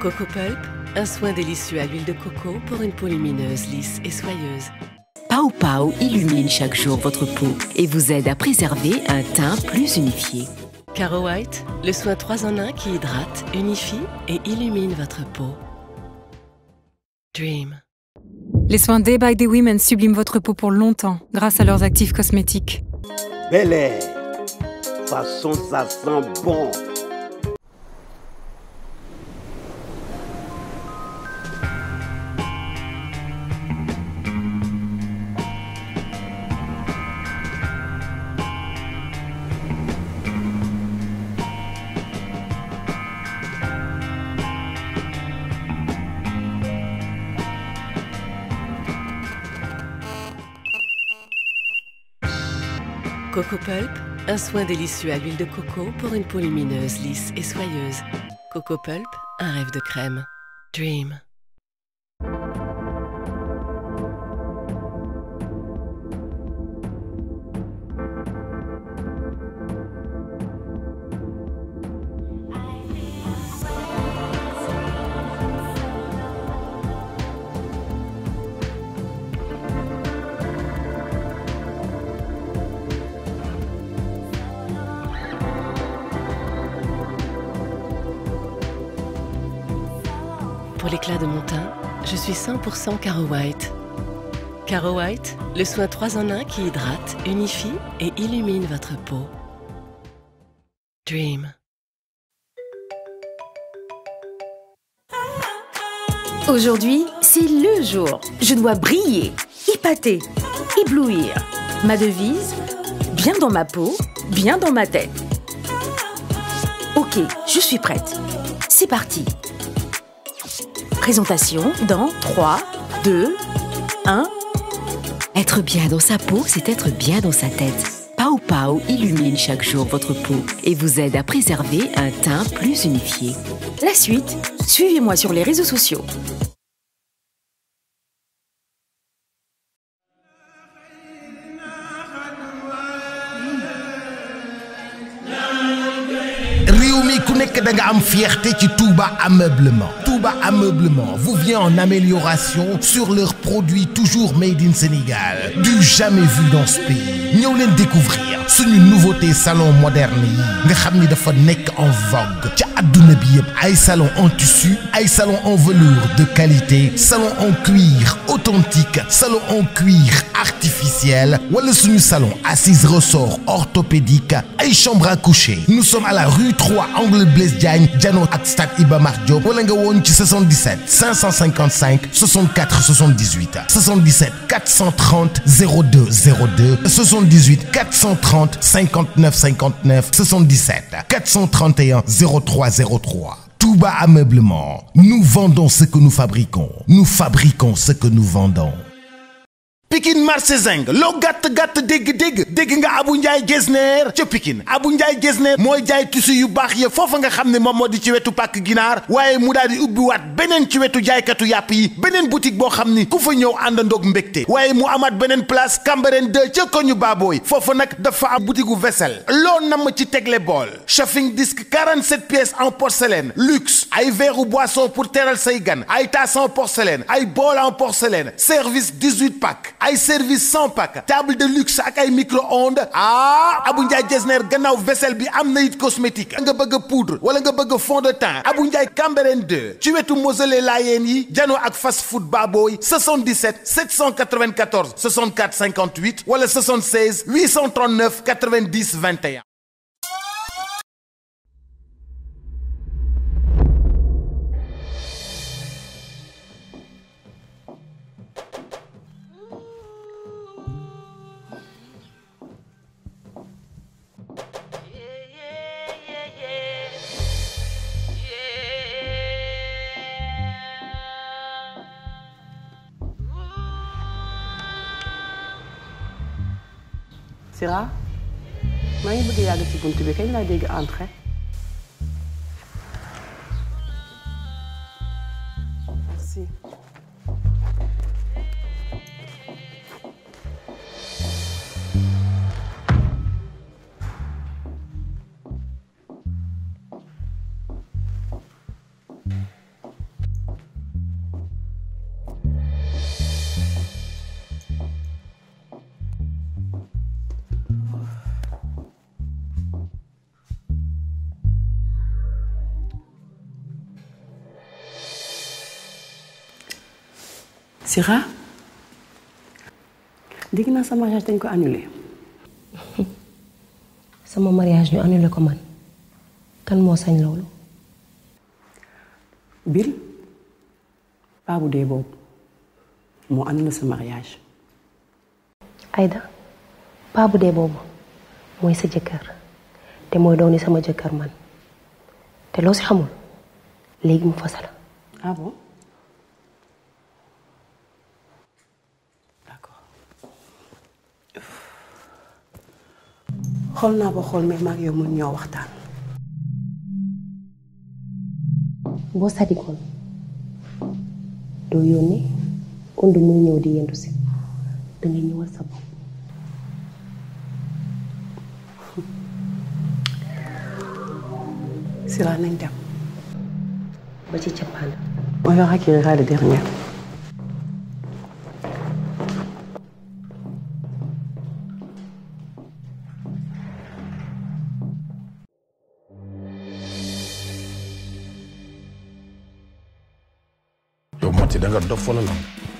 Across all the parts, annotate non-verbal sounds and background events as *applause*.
Coco Pulp, un soin délicieux à l'huile de coco pour une peau lumineuse, lisse et soyeuse. Pau Pau illumine chaque jour votre peau et vous aide à préserver un teint plus unifié. Caro White, le soin 3 en 1 qui hydrate, unifie et illumine votre peau. Dream. Les soins Day by Day Women subliment votre peau pour longtemps grâce à leurs actifs cosmétiques. Belle Façon, ça sent bon. Coco Pulp, un soin délicieux à l'huile de coco pour une peau lumineuse, lisse et soyeuse. Coco Pulp, un rêve de crème. Dream. 100% Caro White. Caro White, le soin 3 en 1 qui hydrate, unifie et illumine votre peau. Dream. Aujourd'hui, c'est le jour. Je dois briller, épater, éblouir. Ma devise Bien dans ma peau, bien dans ma tête. Ok, je suis prête. C'est parti présentation dans 3, 2, 1. Être bien dans sa peau, c'est être bien dans sa tête. Pau Pau illumine chaque jour votre peau et vous aide à préserver un teint plus unifié. La suite, suivez-moi sur les réseaux sociaux. Ryumi ku da nga am fierté ci Touba Ameublement vous vient en amélioration sur leurs produits toujours made in Sénégal du jamais vu dans ce pays Nous allons découvrir ce nouveauté salon moderne yi nga en vogue tu as bi salon en tissu un salon en velours de qualité salon en cuir authentique salon en cuir artificiel wala le salon assise ressort orthopédique ay chambre à coucher nous sommes à la rue 3 angle Blaise Diagne Diano Iba Mar 77 555 64 78 77 430 02 02 78 430 59 59 77 431 03 03 bas Ameublement nous vendons ce que nous fabriquons nous fabriquons ce que nous vendons Pikin Marsezeng, Logat gat gat dig. dig dig nga Abu Njaay Gesner ci Pikine Abu Njaay Gesner moy jaay tissu yu bax ye fofu nga xam mom modi ci wetu pàkk ginaar waye mu daal ubbi wat benen ci wetu katu yap yi benen boutique bo xamni ni ku fa ñew andandok mbekté waye mu amat place Cambérène 2 ci koñu Baboy fofu nak dafa am boutique vessel lo nam ci tegle bool chafing disque 47 pièces en porcelaine luxe ay verre boisson pour teral say gan ay tasse en porcelaine ay bol en porcelaine service 18 pack ay service sans pack table de luxe ak ay micro-ondes ah Abou Ndiaye Jesner gannaaw vaisselle bi am na it cosmétique nga bëgg a poudre wala nga bëgg a fond de teint Abou Ndiaye Cambérène 2 ci wetu mausolée Layeen yi janoo ak fast food Baboy 77 794 64 58 wala 76 839 90 Sira maa ngi bëgg yàgg ci bunt bi kañ laa dégg entrée Sira dégg naa sa mariage dañ ko annulé. *laughs* sama mariage ñu annulé ko man kan moo sañ loolu. Bill paa bu dee boobu moo annulé sa mariage. Aïda paa dee boobu mooy sa jëkkër te mooy dooni sama jëkkër man te loo si xamul léegi mu fasa xool naa ba xool mais maag yow mën ñoo waxtaan. boo sadikoon doo yónnee ond muy ñëw di yendu si danga ñëwal sa bopp. Sira nañ dem. ba ci cappaandaw. mooy wax ak yéen rajo dernière. dof wala lan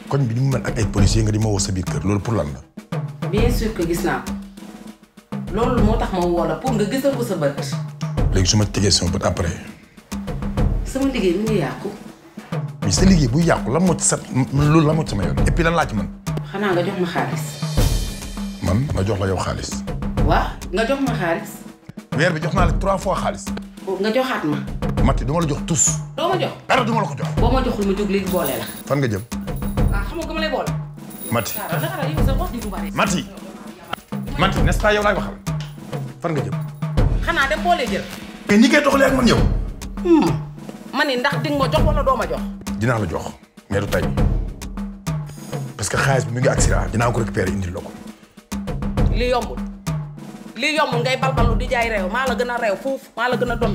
koñ bi ni mu mel ak ay policiers nga di ma woo sa biir kër loolu pour lan la. bien sûr que gis naa ko loolu moo tax ma woo la pour nga gisal ko sa bët. léegi su ma tegee sama bët après. sama liggéey mi ngi yàqu. mais sa liggéey buy yàqu la moo ci sa loolu ci sama yoon et puis lan laa ci mën. xanaa nga jox ma xaalis. man ma jox la xaalis. waaw nga jox ma xaalis. weer bi jox naa la trois fois xaalis. Oh, nga joxaat ma. Mati duma la jox tous. doo ma jox dara duma la ko jox. boo ma joxul ma jóg léegi boole la. fan nga jëm. ah xam nga ku ma lay boole. Mati Mati Mati n'est-ce pas yow laay waxal fan nga jëm. xanaa dem boole jël. mais ñi koy doxalee ak man yow. Hmm. ma ni ndax di nga ma jox wala doo ma jox. dinaa la jox mais du tay parce que xaalis bi mi ngi accident dinaa ko récupérer indil la li yombul li yombul ngay balbalu di jaay réew maa la gën a réew foofu maa la gën a doon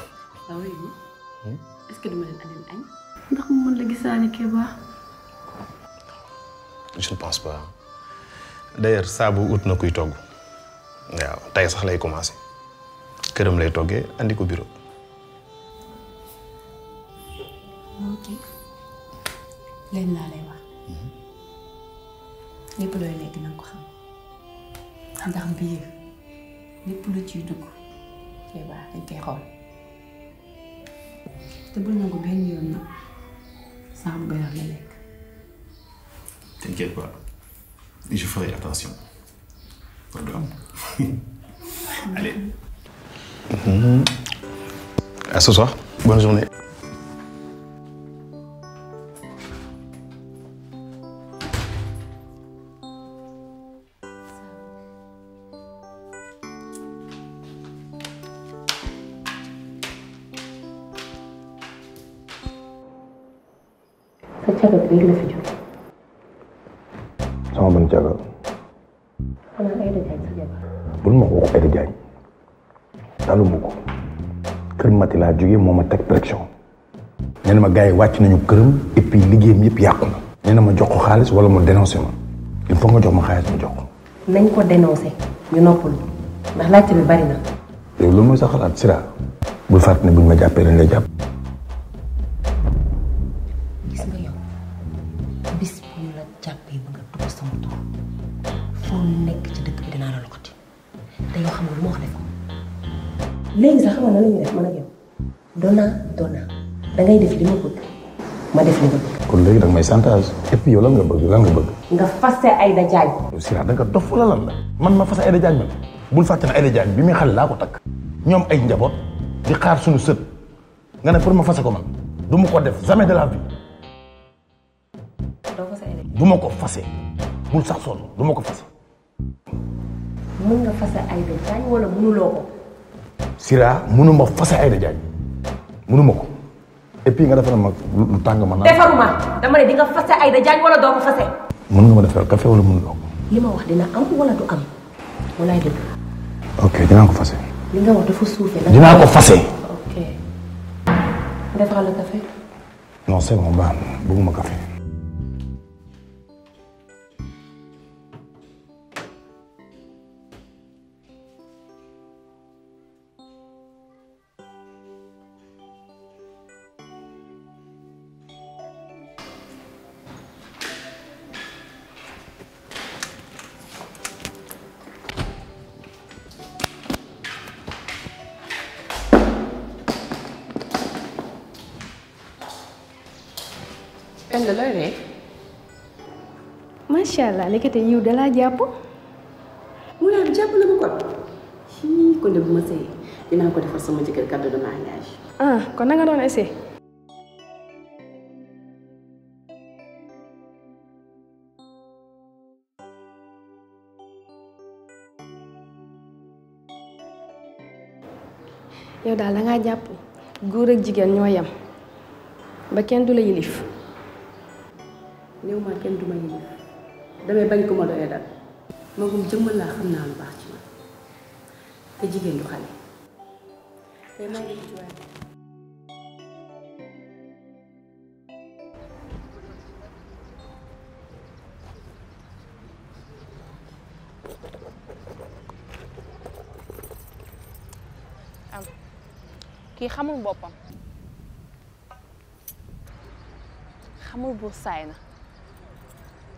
bloqué ba. je ne pense pas d'ailleurs saabu ut na kuy togg waaw tey sax lay commencer këram lay toggee andi ko bureau. Mhm. lépp looy lekk ko xam ndax lépp lu nangu benn yoon nag. Samber mu ganaar t'inquiète pas je ferai attention de du am allez mhm. à ce soir bonne journée taluma ko kër mati laa jógee moo ma teg pression nee ma gars yi wàcc nañu këram et puis liggéeyam yëpp yàqu na nee ma jox ko xaalis wala mu dénoncé ma il faut nga jox ma xaalis ma jox ko nañ ko dénoncé ñu lu ndax laajte bi bari na. yow loolu mooy sa xalaat Sira bul fàttali ne buñ ma jàppee dañ lay jàpp. léegi sax xam nga nan def man ak yow dona dona da ngay def li ma bëgg ma def li ma bëgg. kon léegi da nga may et puis yow lan nga bëgg lan nga bëgg. nga fase Aïda Diagne. Sira da nga dof la lan la man ma fase Aïda man bi ko ay di xaar suñu sët nga ne pour ma fase ko man ko def jamais de la vie. doo ko fase bul sax sonn du ko fase. mën nga wala Sira mënuma fase Aïda Diagne mënuma ko et nga defal ma tàng ma. defaruma dama ne di nga fase Aïda Diagne wala doo ko fase. mën ma defal café wala mënuloo li ma wax dina am wala du am walaay dëgg. ok dinaa ko fase. dinaa ko fase. ok. defaral la café. non c'est baax na bëgguma café. Masya Allah, likita yu da la jàpp mu laa jàpp na ma kon hi kon kau bu ma sëy dinaa ko defal sama jëkkër cadeau de mariage ah kau na nga doon essayé Ya daal da ngaa jàpp góor ak jigéen ñoo néew maa kenn du ma yilif damay bañ ko ma doyee dal magum jëmmal laa xam naa lu baax ci man kii xamul boppam xamul buur saay na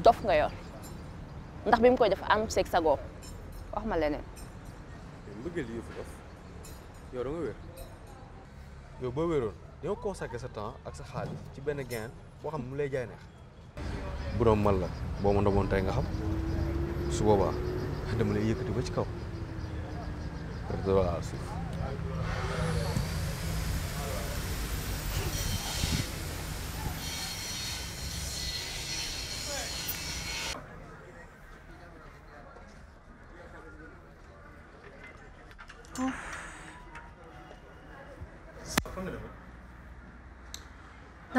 dof nga yor ndax bi mu koy def am seeg sagoo wax ma leneen mbëggeel yëf dof yow da nga wér yow boo wéroon yow consacré sa temps ak sa xaalis ci benn gain boo xam mu lay jaay neex bu doon man la boo ma ndamoon tey nga xam su boobaa dama lay yëkkati ba ci kaw voilà suuf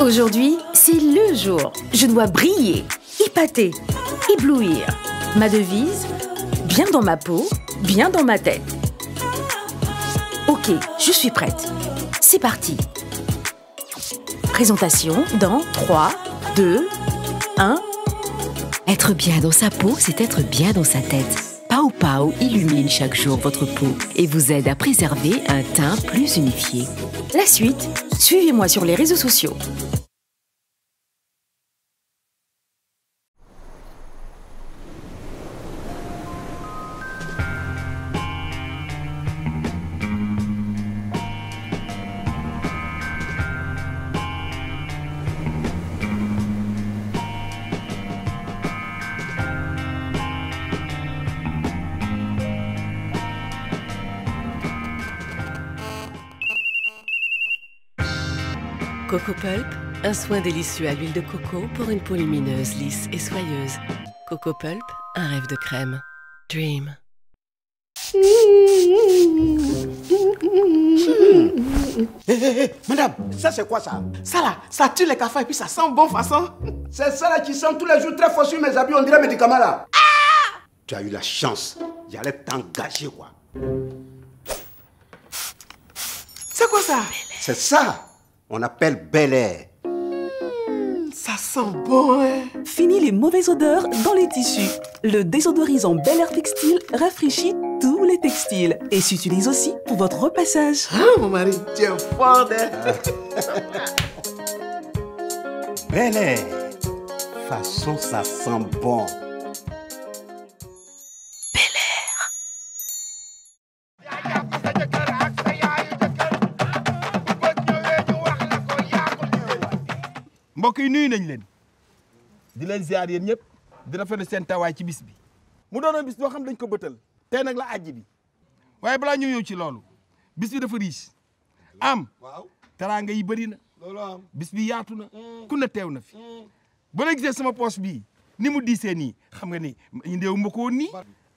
Aujourd'hui, c'est le jour. Je dois briller, épater, éblouir. Ma devise Bien dans ma peau, bien dans ma tête. Ok, je suis prête. C'est parti présentation dans 3, 2, 1. Être bien dans sa peau, c'est être bien dans sa tête. Pao Pao illumine chaque jour votre peau et vous aide à préserver un teint plus unifié. La suite, suivez-moi sur les réseaux sociaux. Coco Pulp, un soin délicieux à l'huile de coco pour une peau lumineuse, lisse et soyeuse. Coco Pulp, un rêve de crème. Dream. hé, madame, ça c'est quoi ça Ça là, ça tue les cafards et puis ça sent bon façon. C'est ça là qui sent tous les jours très fort sur mes habits, on dirait médicaments là. Ah tu as eu la chance, j'allais t'engager quoi. C'est quoi ça C'est ça on appelle Bel Air. Mmh, ça sent bon, hein Fini les mauvaises odeurs dans les tissus. Le désodorisant Bel Air Textile rafraîchit tous les textiles et s'utilise aussi pour votre repassage. Ah, mon mari, tu es hein. Bel Air. Façon, ça sent bon. mbokk yi nuyu nañ leen di leen ziar yéen ñëpp di rafetlu seen tawaay ci bis bi. mu doonoon bis boo xam dañ ko bëtal tey nag la àjji bi waaye balaa ñu ñëw ci loolu bis bi dafa riche am. waaw teraanga yi bëri na. loolu bis bi yaatu na. Mm. ku na teew na fi. Mm. ba la gisee sama poche bii ni mu diisee nii xam nga ni ndeewu ma ko woon nii.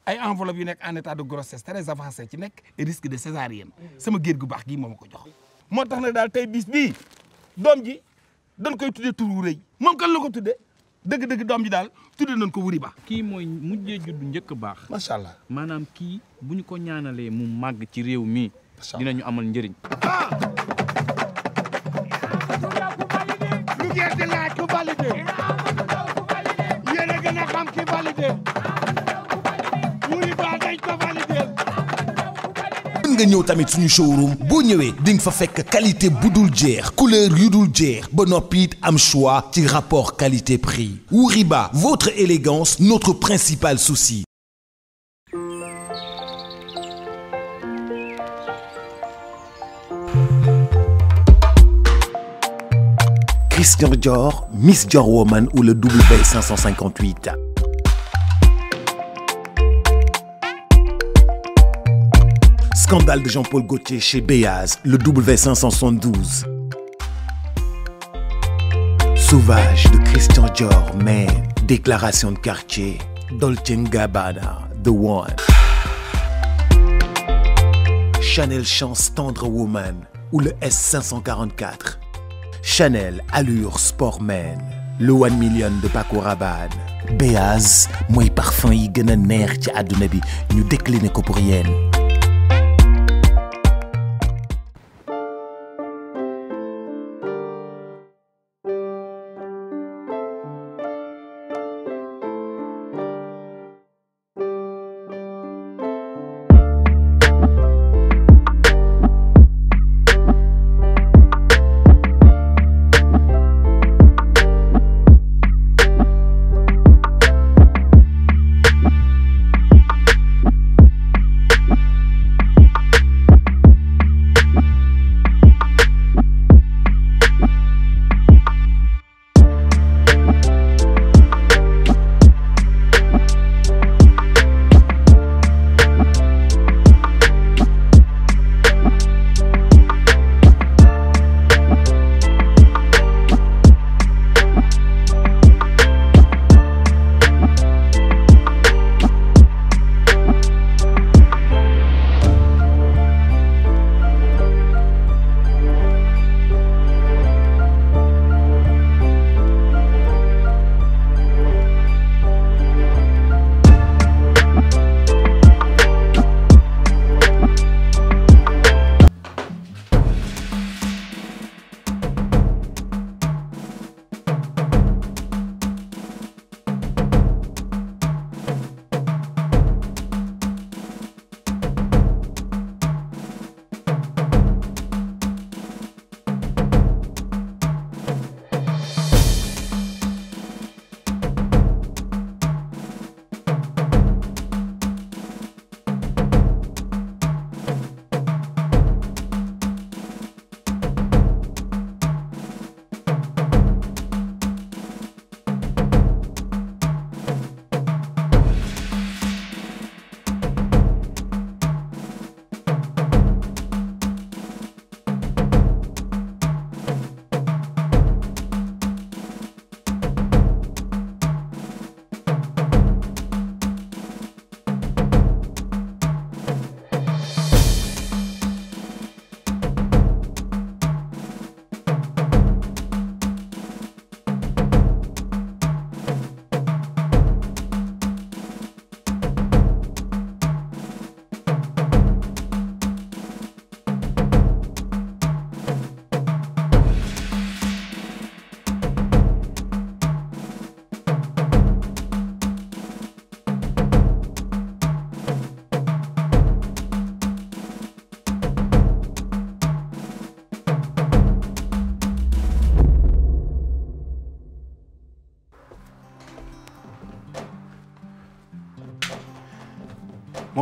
ay enveloppe yu nekk en état de grossesse très avancé ci nekk risque de césarienne mm. sama géer gu baax gi moom ko jox. moo tax daal tey bis bii ji. dañ koy tuddee tur wu rëy moom kan la ko tuddee dëgg-dëgg doom ji daal tuddee nañ ko wuri ba kii mooy mujjee judd njëkk baax macha allah maanaam kii bu ñu ko ñaanalee mu màgg ci réew mi dinañu amal njëriñ lu ngeen di laaj ku validé yéen gën a xam ki validé nga ñëw tamit suñu showroom boo ñëwee di nga fa fekk qualité budul jeer couleur yudul jeer ba noppi am choix ci rapport qualité prix Ouriba votre élégance notre principal souci. Christian Dior, Miss Dior Woman ou le W558. Scandale de Jean-Paul Gauthier chez Béaz, le W572. Sauvage de Christian Dior, mais déclaration de quartier, Dolce Gabbana, The One. Chanel Chance Tendre Woman ou le S544. Chanel Allure Sportman, le One Million de Paco Rabanne. Béaz, moi parfum yi y a neex ci pour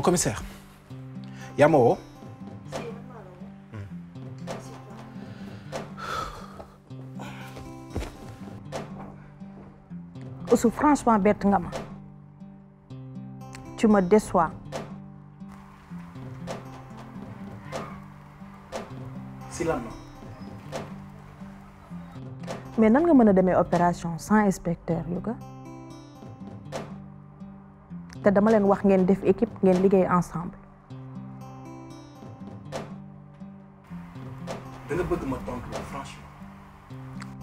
commissaire yaa ma woo Oussou franchement bett Ngama, tu me déçois si mais nan nga mën a demee opération sans inspecteur Louga te dama leen wax ngeen def équipe ngeen liggéey ensemble. da nga bëgg ma tontu la franchement.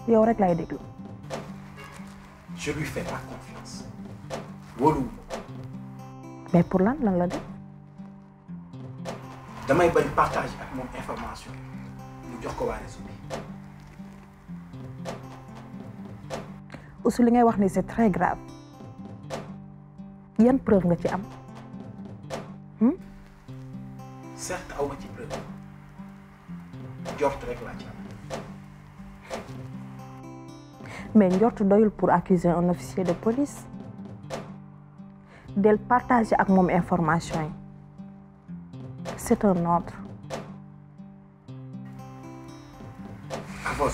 yow rek lay déglu. je lui fais pas confiance. wóolu. mais pour lan lan la def. damay bañ partage ak moom information ñu jox ko waa réseau bi. Ousseynou li ngay wax ni c'est très grave yan preuve nga ci am. Hmm? certes aw ma ci preuve njort rek la ci am. mais njort doyul pour accuser un officier de police. del partager ak mom information c'est un ordre. À vos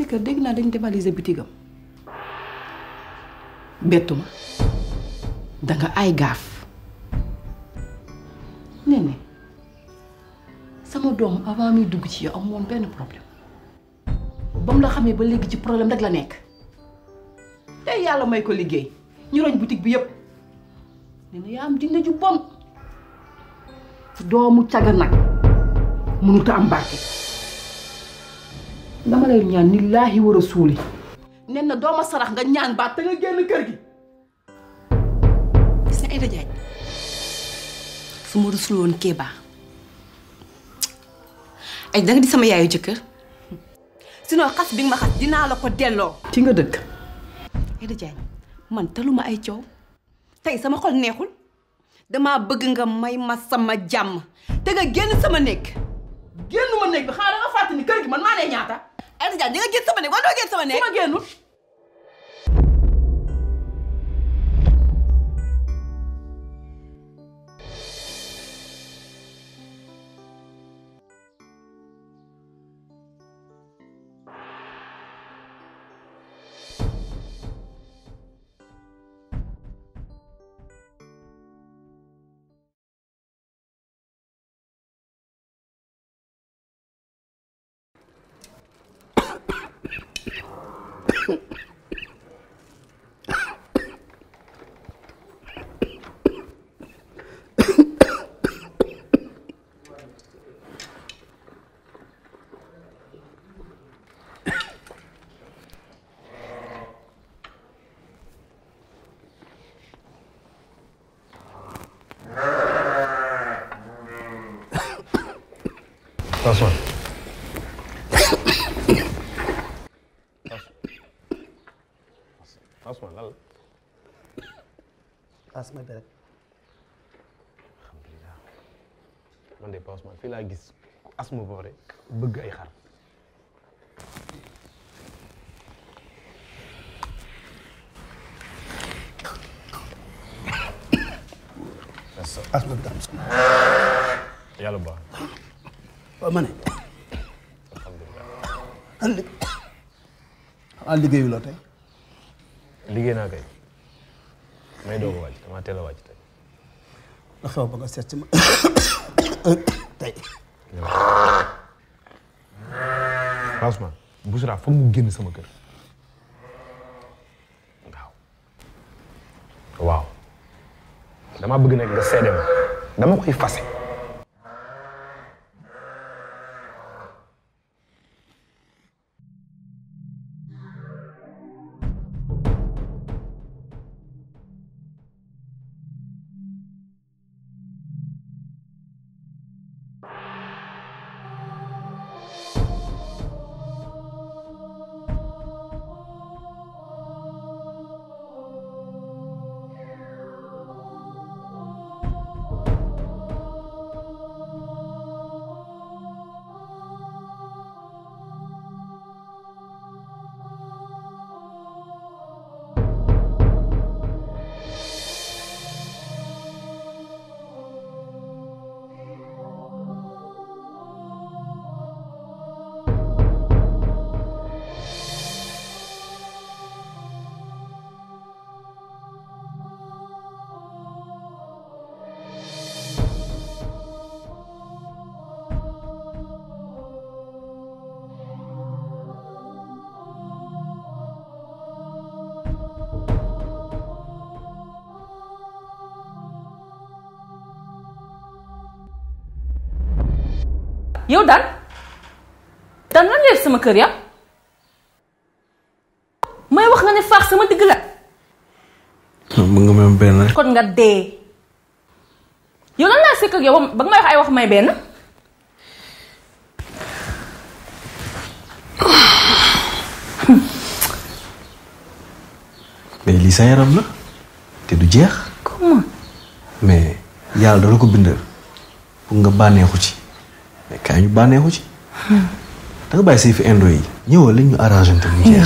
jëkkër dégg naa dañ dévaliser bitigam bettu ma danga ay gaaf nee ne sama doom avant muy dugg ci yow am woon benn problème ba mu la xamee ba léegi ci problème rek la nekk tey yàlla may ko liggéey ñu roñ boutique bi yépp nee na yaa am dina ju bon doomu caga nag mënut am barke dama lay ñaan ni laahi war a suuli nen na dooma sarax nga ñaan baat te nga génn kër gi gis nga Aïda Diagne su ma rusul woon Kéba ay da nga di sama yaayu jëkkër bi ma xas dinaa la ko ci nga dëkk man taluma ay sama xol neexul dama bëgg nga may ma sama jam. te nga sama nek. génn ma nek, bi xanaa da nga fàttali kër gi man lay ñaata Aida Diagne di nga génn sama néeg wala doo génn sama néeg. su ma génnul. Last one. Last one. bi rek. alhamdulilah man de Pa Ousmane fii laa gis asma boore bëgg ay xar. asma bi daal. yàlla bu ma ne alhamdulilah liggéeyu loo tey liggéey naa kay may doog a wàcc damaa teel a wàcc tey la xew ba nga seet génn sama kër waaw damaa bëgg nag nga seede ma dama koy fase Yaudah, daan lan def sama kër ya may wax nga ne faax sama digg la bu nga même deh. kon nga dee yow lan laa sëkk ak yow ba nga may wax ay wax may benn *sighs* mais lii sa yaram la te du jeex comment mais ko bindal pour nga ci mais kaay ñu bànneexu ci. da bàyyi say fi indo yi. ñëwal li ñu arrangé mu jeex.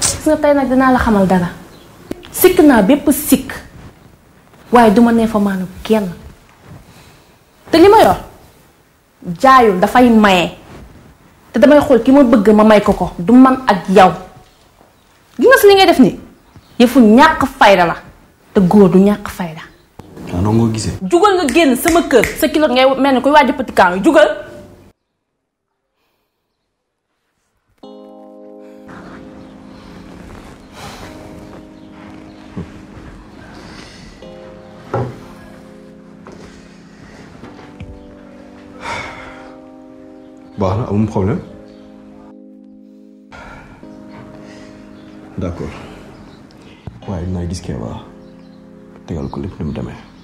gis nga tey nag dinaa la xamal dara. sikk naa bépp sikk. waaye duma ne fa maanu kenn. te li ma yor. jaayul dafay maye. te damay xool ki ma bëgg ma may ko ko du man ak yow. gis si li ngay def ni yëfu ñàkk fayda la. te góor du ñàkk fayda. noonu nga gisee. jugal nga génn sama kër sa kilo ngay mel ni koy waaj a pëtikaan jugal. baax na amul problème d'accord waaye dinaa gis kee baax tegal ko lépp ni mu demee